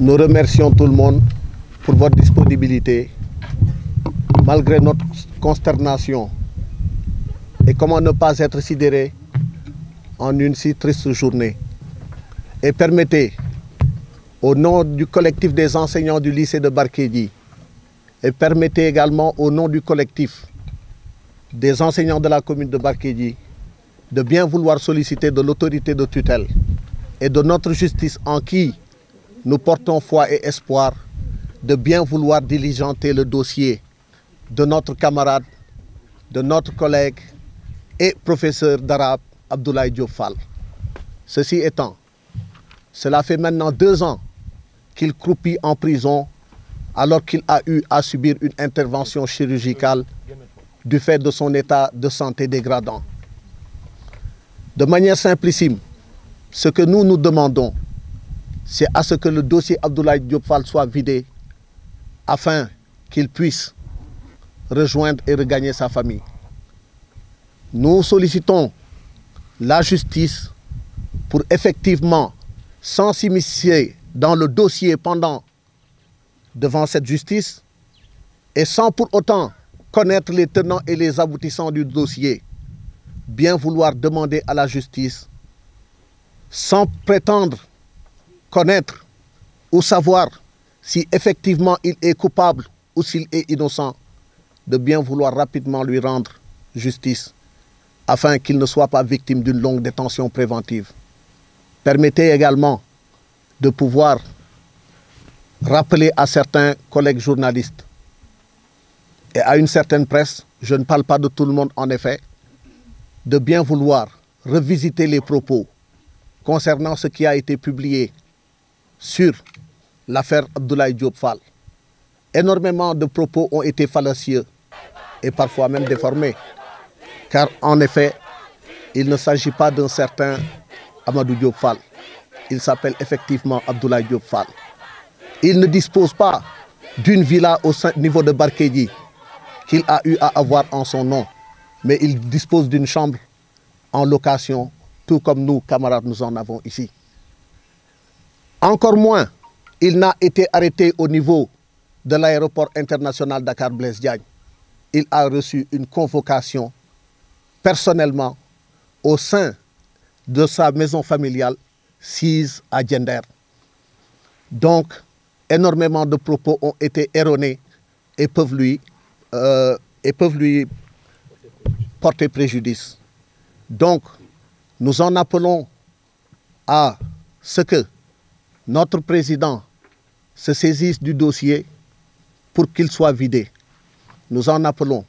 Nous remercions tout le monde pour votre disponibilité, malgré notre consternation. Et comment ne pas être sidéré en une si triste journée. Et permettez, au nom du collectif des enseignants du lycée de Barkédi, et permettez également au nom du collectif des enseignants de la commune de Barkédi, de bien vouloir solliciter de l'autorité de tutelle et de notre justice en qui nous portons foi et espoir de bien vouloir diligenter le dossier de notre camarade, de notre collègue et professeur d'arabe Abdoulaye Diop Ceci étant, cela fait maintenant deux ans qu'il croupit en prison alors qu'il a eu à subir une intervention chirurgicale du fait de son état de santé dégradant. De manière simplissime, ce que nous nous demandons, c'est à ce que le dossier Abdoulaye Diopfal soit vidé afin qu'il puisse rejoindre et regagner sa famille. Nous sollicitons la justice pour effectivement, sans s'immiscer dans le dossier pendant devant cette justice et sans pour autant connaître les tenants et les aboutissants du dossier, bien vouloir demander à la justice, sans prétendre connaître ou savoir si effectivement il est coupable ou s'il est innocent, de bien vouloir rapidement lui rendre justice afin qu'il ne soit pas victime d'une longue détention préventive. Permettez également de pouvoir rappeler à certains collègues journalistes et à une certaine presse, je ne parle pas de tout le monde en effet, de bien vouloir revisiter les propos concernant ce qui a été publié sur l'affaire Abdoulaye Diop Fall. Énormément de propos ont été fallacieux et parfois même déformés, car en effet, il ne s'agit pas d'un certain Amadou Diop Fall. Il s'appelle effectivement Abdoulaye Diop Fall. Il ne dispose pas d'une villa au niveau de Barkédi qu'il a eu à avoir en son nom, mais il dispose d'une chambre en location, tout comme nous, camarades, nous en avons ici. Encore moins, il n'a été arrêté au niveau de l'aéroport international Dakar-Blaise Diagne. Il a reçu une convocation personnellement au sein de sa maison familiale, 6 à Donc, énormément de propos ont été erronés et peuvent lui, euh, et peuvent lui porter préjudice. Donc, nous en appelons à ce que notre président se saisisse du dossier pour qu'il soit vidé. Nous en appelons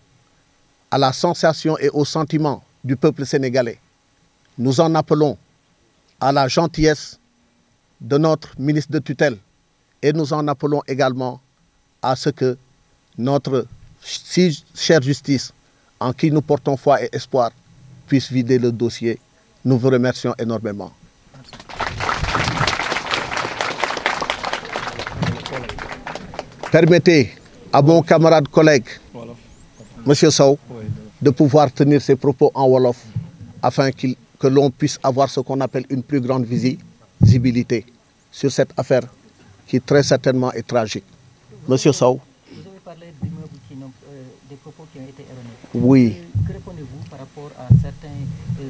à la sensation et au sentiment du peuple sénégalais. Nous en appelons à la gentillesse de notre ministre de tutelle et nous en appelons également à ce que notre si chère justice, en qui nous portons foi et espoir, puisse vider le dossier. Nous vous remercions énormément. Permettez à mon camarade collègue, M. Sow, de pouvoir tenir ses propos en Wolof afin que l'on puisse avoir ce qu'on appelle une plus grande visibilité sur cette affaire qui très certainement est tragique. M. Sow. Vous avez parlé qui des propos qui ont été erronés. Oui. Que répondez-vous par rapport à certains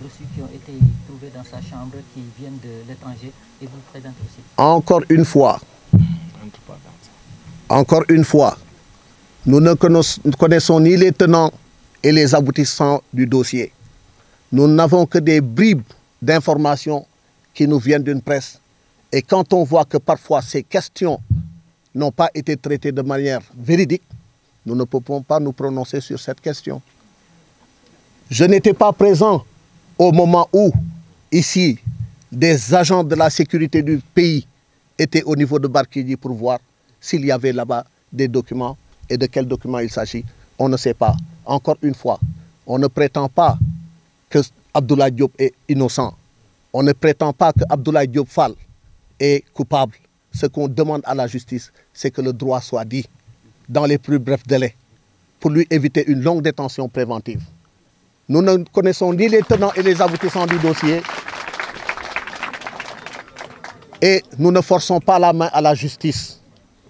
reçus qui ont été trouvés dans sa chambre qui viennent de l'étranger et vous présentez aussi Encore une fois, encore une fois, nous ne connaissons ni les tenants et les aboutissants du dossier. Nous n'avons que des bribes d'informations qui nous viennent d'une presse. Et quand on voit que parfois ces questions n'ont pas été traitées de manière véridique, nous ne pouvons pas nous prononcer sur cette question. Je n'étais pas présent au moment où, ici, des agents de la sécurité du pays étaient au niveau de Barkidi pour voir s'il y avait là-bas des documents et de quels documents il s'agit, on ne sait pas. Encore une fois, on ne prétend pas que Abdoulaye Diop est innocent. On ne prétend pas que Abdoulaye Diop Fall est coupable. Ce qu'on demande à la justice, c'est que le droit soit dit dans les plus brefs délais pour lui éviter une longue détention préventive. Nous ne connaissons ni les tenants et les aboutissants du dossier. Et nous ne forçons pas la main à la justice.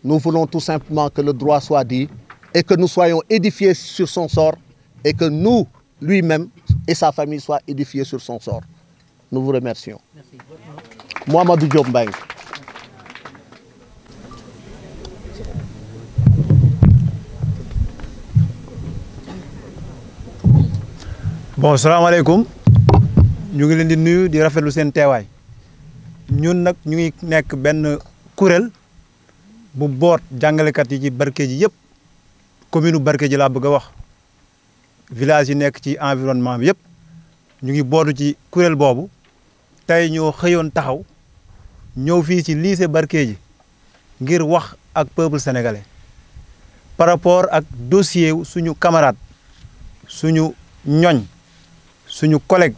Nous voulons tout simplement que le droit soit dit et que nous soyons édifiés sur son sort et que nous, lui-même et sa famille, soient édifiés sur son sort. Nous vous remercions. Merci. Mohamed Diop bon salam ñu Nous sommes di nuyu di rafetlu seen Nous ñun venus bu boot kat yi ci barke ji yëpp commune barke ji laa bëgg a wax village yi nekk ci environnement bi yëpp ñu ngi bootu ci kurel boobu tey ñoo xëyoon taxaw ñëw fii ci lycée barke ji ngir wax ak peuple sénégalais par rapport ak dossier suñu camarade suñu ñoñ suñu collègue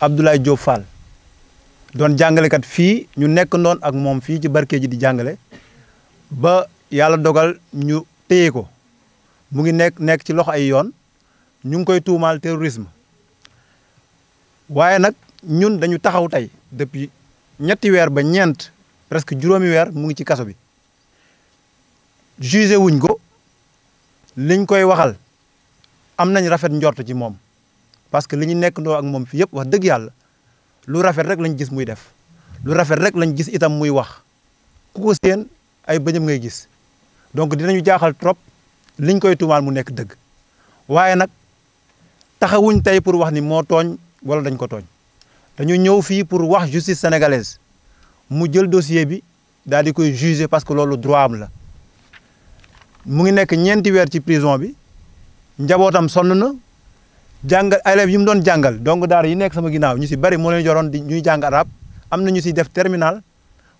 Abdoulaye Diop Fall doon jàngalekat fii ñu nekk ak moom fii ci barke ji di jàngale ba yàlla dogal ñu téye ko mu ngi nekk nekk ci loxo ay yoon ñu ngi koy tuumaal terrorisme waaye nag ñun dañu taxaw tey depuis ñetti weer ba ñeent presque juróomi weer mu ngi ci kaso bi jugé wuñ ko liñ koy waxal am nañ rafet njort ci moom parce que li ñu nekk ndoo ak moom fi yëpp wax dëgg yàlla lu rafet rek lañ gis muy def lu rafet rek lañ gis itam muy wax ku ko seen ay bañam ngay gis donc dinañu jaaxal trop liñ koy tuumaal mu nekk dëgg waaye nag taxawuñ tey pour wax ni moo tooñ wala dañ ko tooñ dañu ñëw fii pour wax justice sénégalaise mu jël dossier bi daal di koy juger parce que loolu droit am la mu ngi nekk ñeenti weer ci prison bi njabootam sonn na jàngal élèves yi mu doon jàngal donc daara yi nekk sama ginnaaw ñu si bari moo leen di ñuy jàng arab am na ñu si def terminal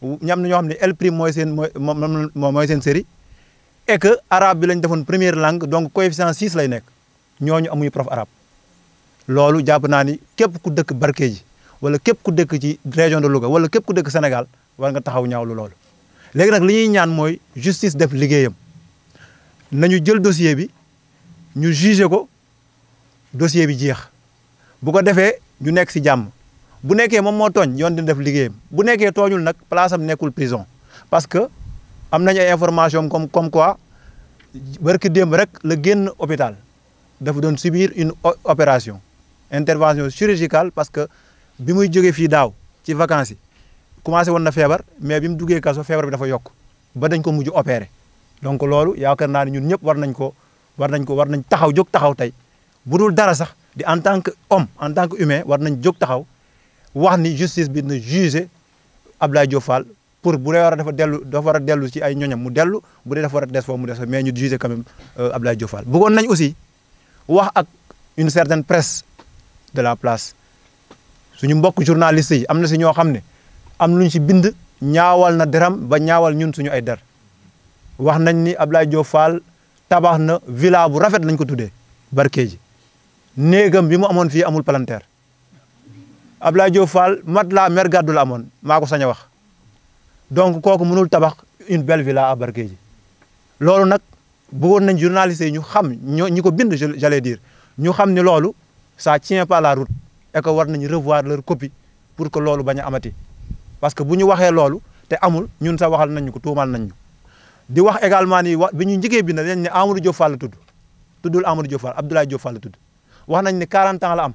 ñam na ñoo xam ne L prime mooy seen mooy mooy seen série et que arabe bi lañ defoon première langue donc coefficient 6 lay nekk ñooñu amuñu prof arabe. loolu jàpp naa ni képp ku dëkk Barkédji wala képp ku dëkk ci région de Louga wala képp ku dëkk Sénégal war nga taxaw ñaawlu loolu. léegi nag li ñuy ñaan mooy justice def liggéeyam nañu jël dossier bi ñu jugé ko dossier bi jeex bu ko defee ñu nekk si jàmm. bu nekké mom mo togn yon dina def liggéeyam bu nekké tooñul nak place am nekul prison parce que am nañ ay information comme comme quoi barki démb rek le génn hôpital dafa doon subir une opération intervention chirurgicale parce que bi muy jógee fii daaw ci vacances commencé woon na mais bi mu duggee kaso feebar bi dafa yok ba dañ ko muju opérer donc lolu yaakaar naa ñun ñep war nañ ko war nañ ko war nañ taxaw jog taxaw tay budul dara sax di en tant que homme en tant que humain war nañ jog taxaw wax ni justice bi na juger Abdoulaye diofal pour bu dee war dafa delu dafa wara a ci ay ñoñam mu delu bu dee dafa war a des mu dess mais ñu juger quand même euh, Abdoulaye diofal bu gon nañ aussi wax ak une certaine presse de la place suñu mbokk journaliste yi amna ci si ñoo am luñ si bind ñaawal na deram ba ñaawal ñun suñu ay der wax nañ ni Abdoulaye diofal tabax na villa bu rafet lañ ko tuddee Barkeeji néegam bi mu amone fi amul planter Abdoulaye Diop Fall mat laa mer gàddu la amoon maa ko sañ a wax donc kooku mënul tabax une belle villa à Bargeji loolu nag bëggoon nañ journalistes ñu xam ñoo ñi ko bind j'allais dire ñu xam ne loolu ça tient pas la route et war nañu revoir leur copie pour que loolu bañ a amati parce que bu ñu waxee loolu te amul ñun sax waxal nañ ñu ko tuumal nañ ñu di wax également ni wa bi ñu njëkkee bind na ne ni Diop Fall la tudd tuddul Amadou Diop Fall Abdoulaye Diop Fall la tudd wax nañ ne 40 ans la am.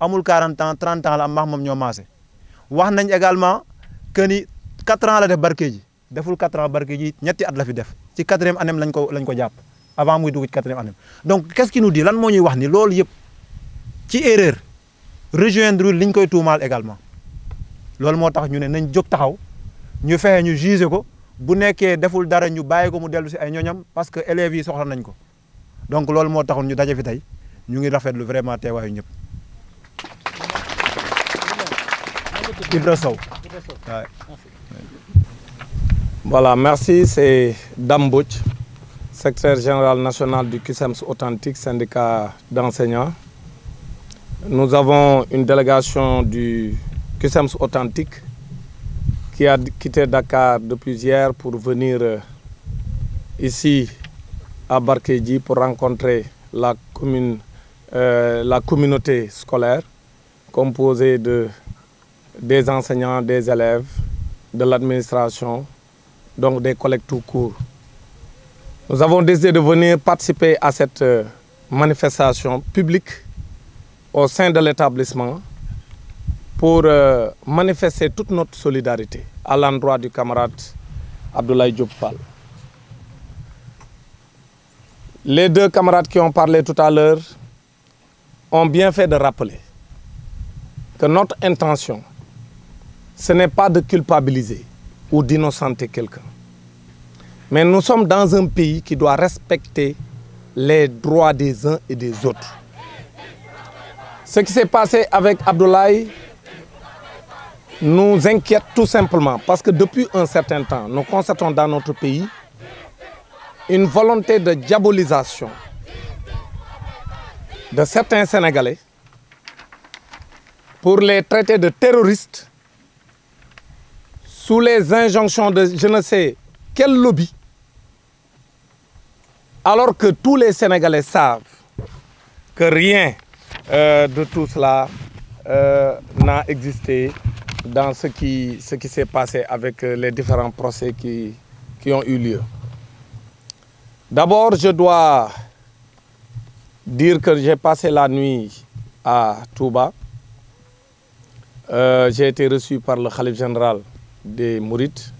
amul 40 ans 30 ans la am mom moom ñoo maase wax nañ également que ni 4 ans la def barké ji deful 4 ans barké ji ñetti at la fi def ci 4ème année lañ ko lañ ko japp avant muy dugg ci 4ème année donc qu'est-ce qui nous dit lan mo ñuy wax ni lool yëpp ci erreur rejoindre liñ koy tuumaal également lool mo tax ñu né nañ jóg taxaw ñu fexe ñu juger ko bu nekkee deful dara ñu bayé ko mu delu ci ay ñoñam parce que élèves yi soxla nañ ko donc lool mo taxoon ñu dajé fi tay ñu ngi rafetlu vraiment teewaayu ñëpp. Voilà, merci. C'est Dambouch, secrétaire général national du QSEMS Authentique, syndicat d'enseignants. Nous avons une délégation du QSEMS Authentique qui a quitté Dakar depuis hier pour venir euh, ici à Barkedji pour rencontrer la, commune, euh, la communauté scolaire composée de des enseignants, des élèves, de l'administration, donc des collègues tout court. Nous avons décidé de venir participer à cette euh, manifestation publique au sein de l'établissement pour euh, manifester toute notre solidarité à l'endroit du camarade Abdoulaye Diop Les deux camarades qui ont parlé tout à l'heure ont bien fait de rappeler que notre intention ce n'est pas de culpabiliser ou d'innocenter quelqu'un. Mais nous sommes dans un pays qui doit respecter les droits des uns et des autres. Ce qui s'est passé avec Abdoulaye nous inquiète tout simplement parce que depuis un certain temps, nous constatons dans notre pays une volonté de diabolisation de certains Sénégalais pour les traiter de terroristes sous les injonctions de je ne sais quel lobby, alors que tous les Sénégalais savent que rien euh, de tout cela euh, n'a existé dans ce qui, ce qui s'est passé avec euh, les différents procès qui, qui ont eu lieu. D'abord, je dois dire que j'ai passé la nuit à Touba. j'ai été reçu par le Khalif général des Mourites,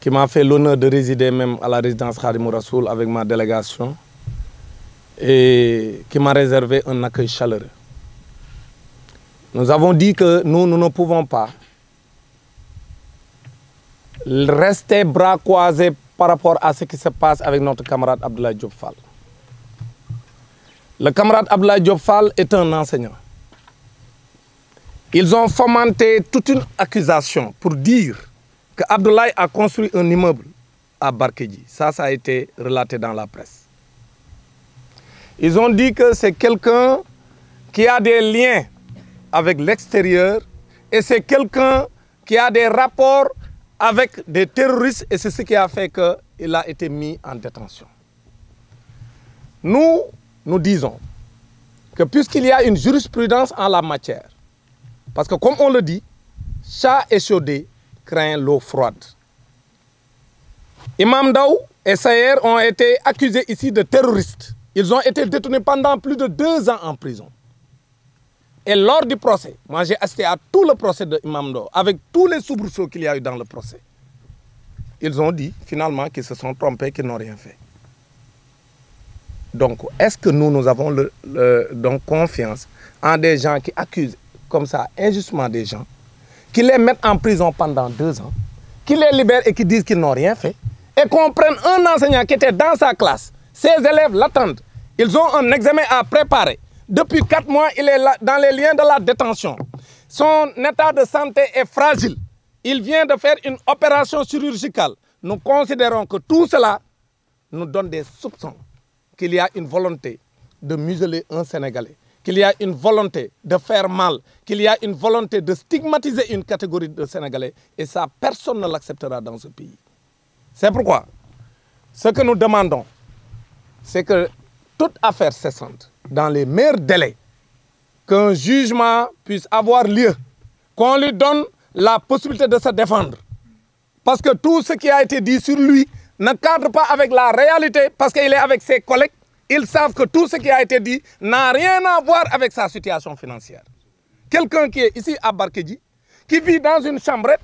qui m'a fait l'honneur de résider même à la résidence Khadim Rassoul avec ma délégation et qui m'a réservé un accueil chaleureux. Nous avons dit que nous, nous ne pouvons pas rester bras croisés par rapport à ce qui se passe avec notre camarade Abdoulaye Diop Le camarade Abdoulaye Diop est un enseignant. Ils ont fomenté toute une accusation pour dire que Abdoulaye a construit un immeuble à Barkedji. Ça, ça a été relaté dans la presse. Ils ont dit que c'est quelqu'un qui a des liens avec l'extérieur et c'est quelqu'un qui a des rapports avec des terroristes et c'est ce qui a fait qu'il a été mis en détention. Nous, nous disons que puisqu'il y a une jurisprudence en la matière, parce que comme on le dit, chat chaudé craint l'eau froide. Imam Daou et Sayer ont été accusés ici de terroristes. Ils ont été détenus pendant plus de deux ans en prison. Et lors du procès, moi j'ai assisté à tout le procès de Imam Daou, avec tous les soubresauts qu'il y a eu dans le procès. Ils ont dit finalement qu'ils se sont trompés, qu'ils n'ont rien fait. Donc, est-ce que nous, nous avons donc confiance en des gens qui accusent comme ça injustement des gens, qui les mettent en prison pendant deux ans, qui les libèrent et qui disent qu'ils n'ont rien fait, et qu'on prenne un enseignant qui était dans sa classe, ses élèves l'attendent, ils ont un examen à préparer. Depuis quatre mois, il est dans les liens de la détention. Son état de santé est fragile. Il vient de faire une opération chirurgicale. Nous considérons que tout cela nous donne des soupçons qu'il y a une volonté de museler un Sénégalais qu'il y a une volonté de faire mal, qu'il y a une volonté de stigmatiser une catégorie de Sénégalais. Et ça, personne ne l'acceptera dans ce pays. C'est pourquoi ce que nous demandons, c'est que toute affaire cessante, dans les meilleurs délais, qu'un jugement puisse avoir lieu, qu'on lui donne la possibilité de se défendre. Parce que tout ce qui a été dit sur lui ne cadre pas avec la réalité, parce qu'il est avec ses collègues, ils savent que tout ce qui a été dit n'a rien à voir avec sa situation financière. Quelqu'un qui est ici à Barkedji, qui vit dans une chambrette,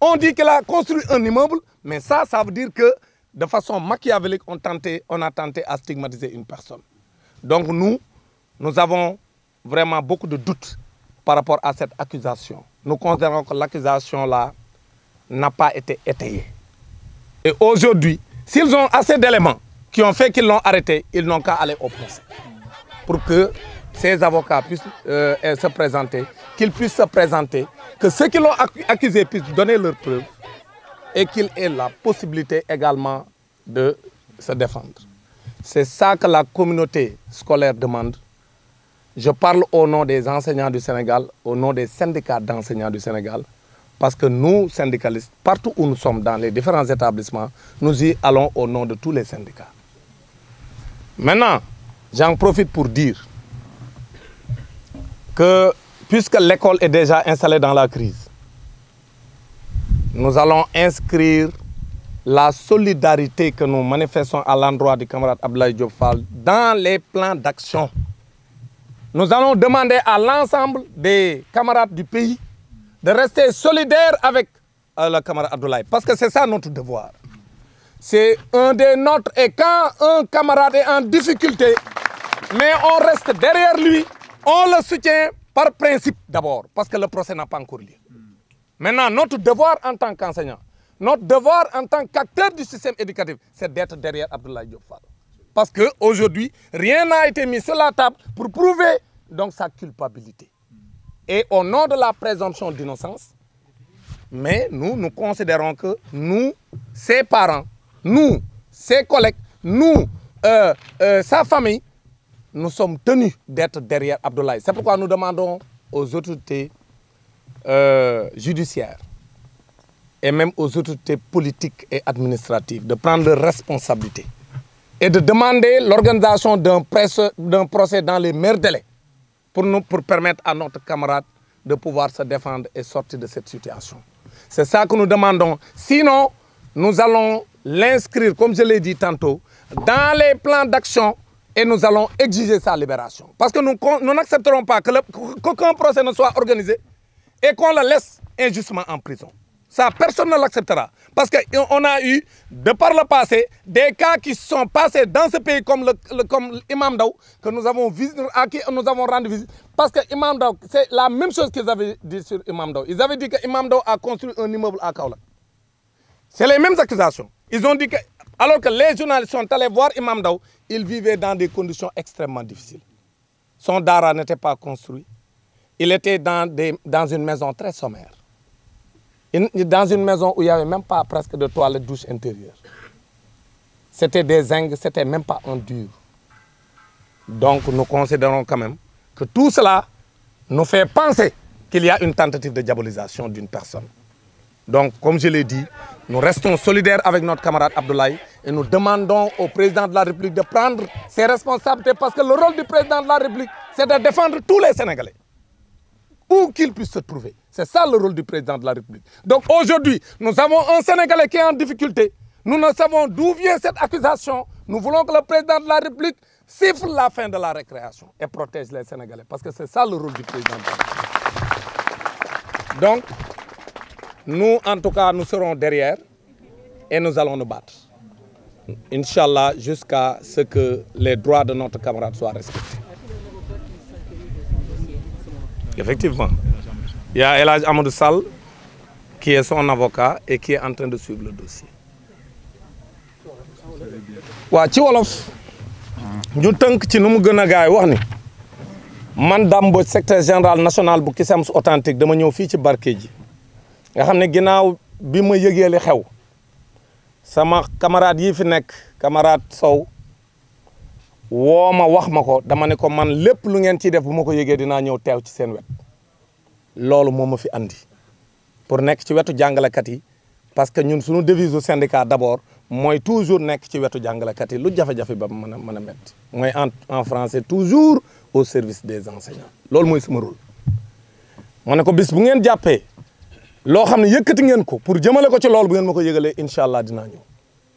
on dit qu'il a construit un immeuble, mais ça, ça veut dire que de façon machiavélique, on, on a tenté à stigmatiser une personne. Donc nous, nous avons vraiment beaucoup de doutes par rapport à cette accusation. Nous considérons que l'accusation-là n'a pas été étayée. Et aujourd'hui, s'ils ont assez d'éléments qui ont fait qu'ils l'ont arrêté, ils n'ont qu'à aller au procès. Pour que ces avocats puissent euh, se présenter, qu'ils puissent se présenter, que ceux qui l'ont accusé puissent donner leurs preuves et qu'ils aient la possibilité également de se défendre. C'est ça que la communauté scolaire demande. Je parle au nom des enseignants du Sénégal, au nom des syndicats d'enseignants du Sénégal, parce que nous, syndicalistes, partout où nous sommes dans les différents établissements, nous y allons au nom de tous les syndicats. Maintenant, j'en profite pour dire que puisque l'école est déjà installée dans la crise, nous allons inscrire la solidarité que nous manifestons à l'endroit du camarade Abdoulaye Diop dans les plans d'action. Nous allons demander à l'ensemble des camarades du pays de rester solidaires avec euh, le camarade Abdoulaye, parce que c'est ça notre devoir. C'est un des nôtres. Et quand un camarade est en difficulté, mais on reste derrière lui, on le soutient par principe d'abord, parce que le procès n'a pas encore lieu. Maintenant, notre devoir en tant qu'enseignant, notre devoir en tant qu'acteur du système éducatif, c'est d'être derrière Abdoulaye Diop Parce qu'aujourd'hui, rien n'a été mis sur la table pour prouver donc sa culpabilité. Et au nom de la présomption d'innocence, mais nous, nous considérons que nous, ses parents, nous, ses collègues, nous, euh, euh, sa famille, nous sommes tenus d'être derrière Abdoulaye. C'est pourquoi nous demandons aux autorités euh, judiciaires et même aux autorités politiques et administratives de prendre responsabilité et de demander l'organisation d'un procès dans les meilleurs délais pour, nous, pour permettre à notre camarade de pouvoir se défendre et sortir de cette situation. C'est ça que nous demandons. Sinon, nous allons l'inscrire, comme je l'ai dit tantôt, dans les plans d'action et nous allons exiger sa libération. Parce que nous, n'accepterons pas qu'aucun procès ne soit organisé et qu'on le laisse injustement en prison. Ça, personne ne l'acceptera. Parce qu'on euh, a eu, de par le passé, des cas qui sont passés dans ce pays comme Imam Daou, que nous avons à qui nous avons rendu visite. Parce que Imam Daou, c'est la même chose qu'ils avaient dit sur Imam Daou. Ils avaient dit que Imam a construit un immeuble à Kaola. C'est les mêmes accusations. Ils ont dit que, alors que les journalistes sont allés voir Imam Daou, il vivait dans des conditions extrêmement difficiles. Son dara n'était pas construit. Il était dans, des, dans une maison très sommaire. Dans une maison où il n'y avait même pas presque de toilette douche intérieure. C'était des ce c'était même pas en dur. Donc nous considérons quand même que tout cela nous fait penser qu'il y a une tentative de diabolisation d'une personne. Donc, comme je l'ai dit, nous restons solidaires avec notre camarade Abdoulaye et nous demandons au président de la République de prendre ses responsabilités parce que le rôle du président de la République, c'est de défendre tous les Sénégalais, où qu'ils puissent se trouver. C'est ça le rôle du président de la République. Donc aujourd'hui, nous avons un Sénégalais qui est en difficulté. Nous ne savons d'où vient cette accusation. Nous voulons que le président de la République siffle la fin de la récréation et protège les Sénégalais parce que c'est ça le rôle du président de la République. Donc, nous, en tout cas, nous serons derrière et nous allons nous battre. Inch'Allah, jusqu'à ce que les droits de notre camarade soient respectés. Effectivement. Il y a Elaj Amadou Sall, qui est son avocat et qui est en train de suivre le dossier. Wa ci wolof nous sommes ci numu gëna gaay wax ni man secrétaire général national bu Cusems authentique dama ñëw fi ci nga xam ne ginnaaw bi ma yëgee li xew sama camarade yi fi nekk camarade Sow woo ma wax ma ko dama ne ko man lépp lu ngeen ciy def bu ma ko yëgee dinaa ñëw teew ci seen wet loolu moom ma fi andi pour nekk ci wetu jàngalekat yi parce que ñun suñu seen du syndicat d'abord mooy toujours nekk ci wetu jàngalekat yi lu jafe-jafe ba mën a mën a métti mooy en en français toujours au service des enseignants loolu mooy sama rôle ma ne ko bis ngeen jàppee loo xam ne yëkkati ngeen ko pour jëmale ko ci loolu bu ngeen ma ko yëgalee incha allah dinaa ñëw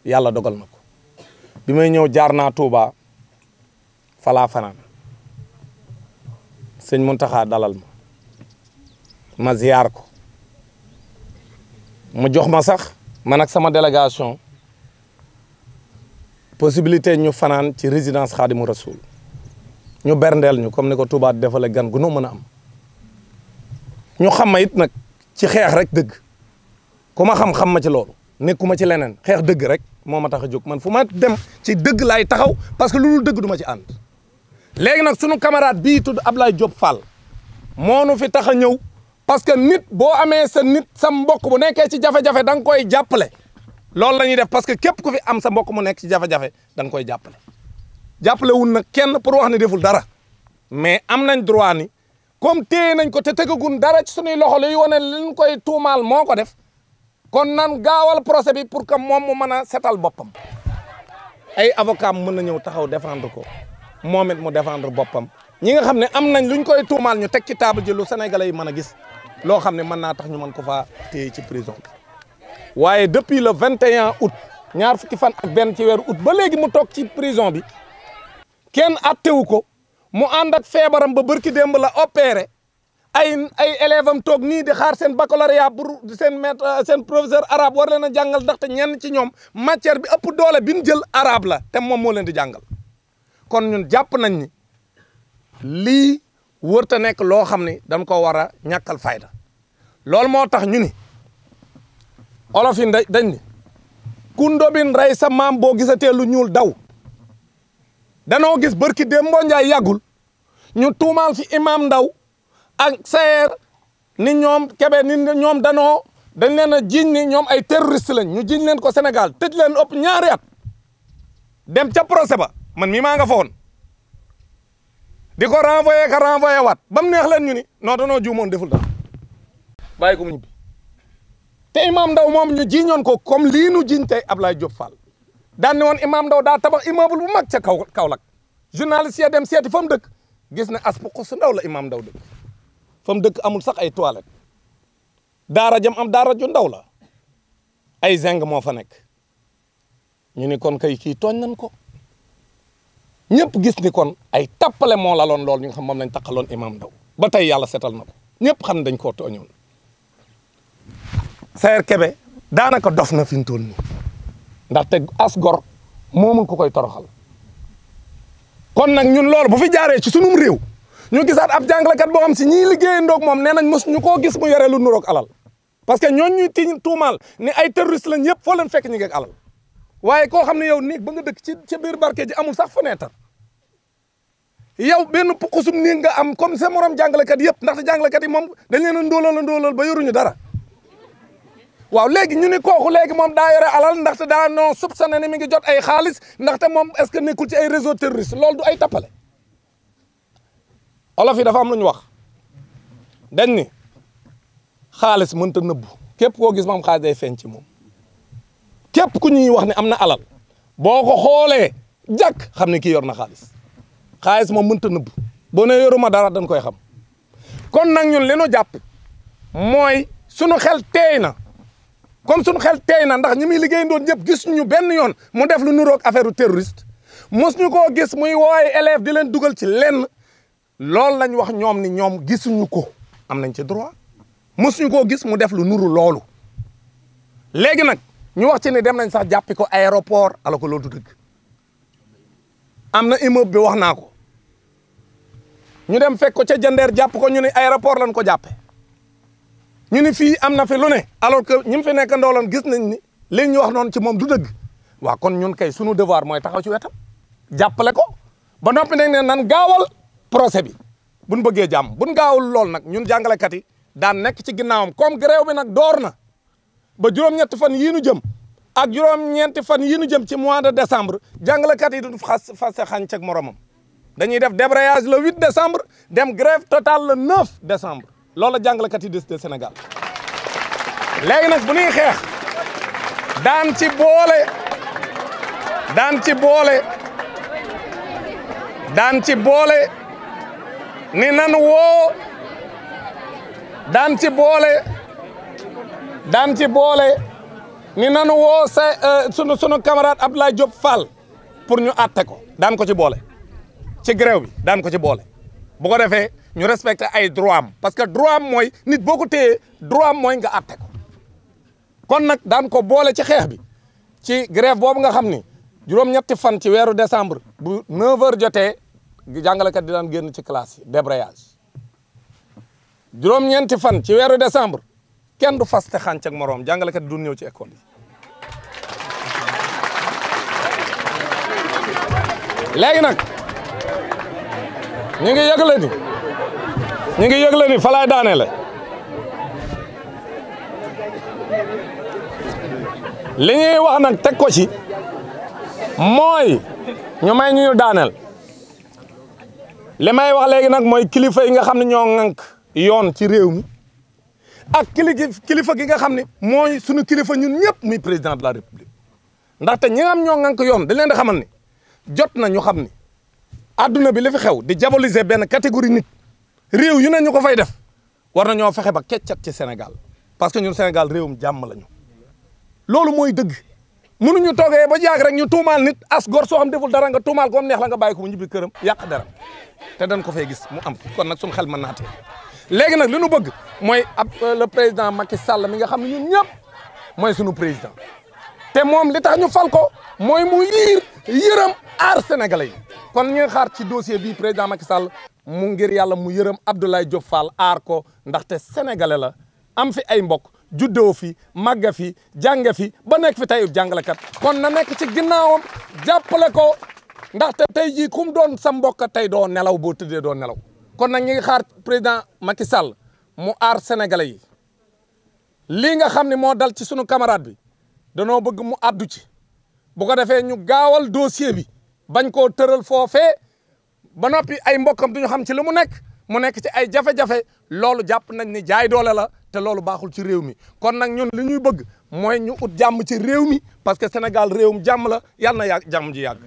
yàlla dogal na ko bi may ñëw jaar naa Touba falaa fanaan sëñ Muntaxa dalal ma ma ziyaar ko mu jox ma sax man ak sama délégation possibilité ñu fanaan ci résidence Xaadimu Rasuul ñu berndeel ñu comme ni ko Touba defale gan gu noo mën a am ñu xam ma it nag ci xeex rek dëgg ku ma xam ma ci loolu nekkuma ci leneen xeex dëgg rek moo ma tax a jóg man fu ma dem ci dëgg laay taxaw parce que lu dul dëgg du ma ci ànd léegi nag sunu camarade bii tudd Ablaye job fal moo nu fi tax a ñëw parce que nit boo amee sa nit sa mbokk bu nekkee ci jafe-jafe da nga koy jàppale loolu la ñuy def parce que képp ku fi am sa mbokk mu nekk ci jafe-jafe da koy jàppale jàppale wun nag kenn pour wax ne deful dara mais am nañ droit ni comme téye nañ ko te tegagun dara ci suñuy loxo luy wane liñ koy tuumaal moo ko def kon nan gaawal procès bi pour que moom mu mën a setal boppam ay avocat mën na ñëw taxaw défendre ko moom mu défendre boppam ñi nga xam ne am nañ luñ koy tuumaal ñu teg ci table ji lu sénégalais yi mën a gis loo xam ne mën naa tax ñu mën ko faa téye ci prison bi waaye depuis le 21 août ñaar fukki fan ak benn ci weeru août ba léegi mu toog ci prison bi kenn attewu ko mu and ak febaram ba barki demb la opéré ay ay élève am toog nii di xaar sen baccalauréat pour sen maître sen professeur arabe war leena jangal jàngal ndaxte ci ñom matière bi ëpp doole bi ñu jël arabe la té mom mo leen di jangal kon ñun japp nañ ni li wërta nek lo xamni ni dañ ko wara ñakkal fayda lool mo tax ñu ni olof dañ ni ku ndobin sa lu daw danoo gis barki Demba Ndiaye yàggul ñu tuumaal fi imam Ndaw ak seer ni ñoom kebe ni ñoom danoo dañ leen a jiiñ ni ñoom ay terroriste lañ ñu jiiñ leen ko senegal tëj leen ëpp ñaari at dem ca procès ba man mii maa nga fa di ko renvoyé ka renvoyé waat ba mu neex leen ñu ni non danoo juumoon deful dara bàyyi ko mu ñibbi te imam Ndaw moom ñu jiiñoon ko comme lii nu jiiñ tey Ablaye Diop Fall daan ne woon Imaam Ndao daa tabax immeuble bu mag ca kaw Kaolack journaliste ya dem seeti fa mu dëkk gis ne as bu xus ndaw la Imaam Ndao dëkk fa mu amul sax ay toilette daara jam am daara ju ndaw la ay zinc moo fa nekk ñu ni kon kay kii tooñ nañ ko ñëpp gis ni kon ay tappale moo la loon lool ñu nga xam moom lañ taqaloon Imaam Ndao ba tey yàlla setal na ko ñëpp xam ne dañ koo tooñoon Sayer Kebe daanaka dof na fi mu toll nii te as gor mën ku koy toroxal kon nak ñun lool bu fi jaaree ci sunum réew ñu gisaat ab jàngalekat boo xam si ñii liggéeyandoog moom nee nañ mos ñu koo gis mu yore lu nuroog alal parce que ñooñ ñuy tiñ tuumaal ni ay terroriste lañ yëpp foo leen fekk ñu ngeeg alal waaye koo xam ne yow néeg ba nga dëkk ci ci biir barke ji amul sax fenêtre yow benn puqusum néeg nga am comme sa morom jàngalekat yëpp ndaxte jàngalekat yi moom dañ leen a ndóolal a ndóolal ba dara waaw léegi ñu ni kooku léegi moom daa yore alal ndaxte daa non soupçonné ne mi ngi jot ay xaalis ndaxte moom est-ce que nekkul ci ay réseau terroriste loolu du ay tappale olof yi dafa am wax dañ ni xaalis mënta nëbbu képp koo gis moom xaalis day feeñ ci moom képp ku ñuy wax ne am na alal boo ko xoolee jàkk xam ne kii yor na xaalis xaalis moom mënta nëbbu boo yoru ma dara dañ koy xam kon nag ñun li nu jàpp mooy sunu xel teey na comme suñu xel tey na ndax ñi muy liggéey ndoon ñëpp gis ñu benn yoon mu def lu nuroog affaire terroriste mos ñu koo gis muy wooye élève di leen dugal ci lenn loolu lañ wax ñoom ni ñoom gisuñu ko am nañ ci droit mos ñu koo gis mu def lu nuru loolu léegi nag ñu wax ci ne dem nañ sax jàppi ko aéroport ala ko loolu du dëgg am na immeuble bi wax naa ko ñu dem fekk ko ca jandeer jàpp ko ñu ne aéroport lañ ko jàppe ñu ni fii am na fi lu ne alors que ñi mu fi nekk ndooloon gis nañ ni li ñu wax noon ci moom du dëgg waaw kon ñun kay sunu devoir mooy taxaw ci wetam jàppale ko ba noppi nag ne nan gaawal procès bi buñ bëggee jàmm bun gaawul lool nag ñun jàngalekat yi daan nekk ci ginnaawam comme grève bi nag door na ba juróom-ñetti fan yii jëm ak juróom-ñeenti fan yii nu jëm ci mois de décembre jàngalekat yi du fas fas xañ ak moromam dañuy def débrayage le 8 décembre dem grève totale le 9 décembre loolu la jàngalekat yi des de Sénégal léegi nag bu ñuy xeex daan ci boole daan ci boole daan ci boole ni nan woo daan ci boole daan ci boole ni nan woo sa euh, sunu sunu camarade Abdoulaye Diop Fall pour ñu àtte ko daan ko ci boole ci grève bi daan ko ci boole bu ko defee ñu respecté ay droit am parce que droit am mooy nit boko téé droit am nga atté ko kon nak daan ko bolé ci xéx bi ci grève bobu nga xamni juroom ñetti fan ci wéru décembre bu 9h jotee kat di daan génn ci classe débrayage juroom ñenti fan ci wéru décembre kenn du fasté te xànc ak moroom kat du ñëw ci école légui nak ñi nga ngi ñu ngi yëgle ni falaay daane la li ñuy wax nag teg ko ci mooy ñu may ñu daaneel li may wax léegi nag mooy kilifa yi nga xam ne ñoo ŋànk yoon ci réew mi ak kilifa gi nga xam ne mooy sunu kilifa ñun ñëpp muy président de la république ndaxte ñu nga xam ñoo ŋànk yoon dañ leen di xamal ni jot na ñu xam ni adduna bi li fi xew di diaboliser benn catégorie nit. réew yu ne ñu ko fay def war na ñoo fexe ba keccat ci Sénégal parce que ñun Sénégal réewum jàmm lañu loolu mooy dëgg mënuñu toogee ba jaag rek ñu tuumaal nit as gor soo xam deful dara nga tuumaal ko am neex la nga bàyyi ko mu ñibbi këram yàq dara te dañ ko fay gis mu am kon nag suñu xel ma naa tee léegi nag li ñu bëgg mooy ab euh, le président Macky Sall mi nga xam ne ñun ñëpp mooy suñu président te moom li tax ñu fal ko mooy mu yiir yërëm aar sénégalais yi kon ñu xaar ci dossier bii président Macky Sall mu ngir yàlla mu yërëm Abdoulaye Diop Fall aar ko ndaxte sénégalais la am fi ay mbokk juddoo fi màgga fi jànge fi ba nekk fi tey jàngalekat kon na nekk ci ginnaawam jàppale ko ndaxte tey jii kum doon sa mbokk tey doo nelaw boo tëddee doo nelaw kon nag ñi ngi président Macky Sall mu aar sénégalais yi lii nga xam ne moo dal ci sunu camarade bi danoo bëgg mu addu ci bu ko defee ñu gaawal dossier bi bañ koo tëral foofee ba noppi ay mbokkam duñu xam ci li mu nekk mu nekk ci ay jafe-jafe loolu jàpp nañ ni jaay doole la te loolu baaxul ci réew mi kon nag ñun li ñuy bëgg mooy ñu ut jàmm ci réew mi parce que Sénégal réewum jàmm la yàlla na jàmm ji yàgg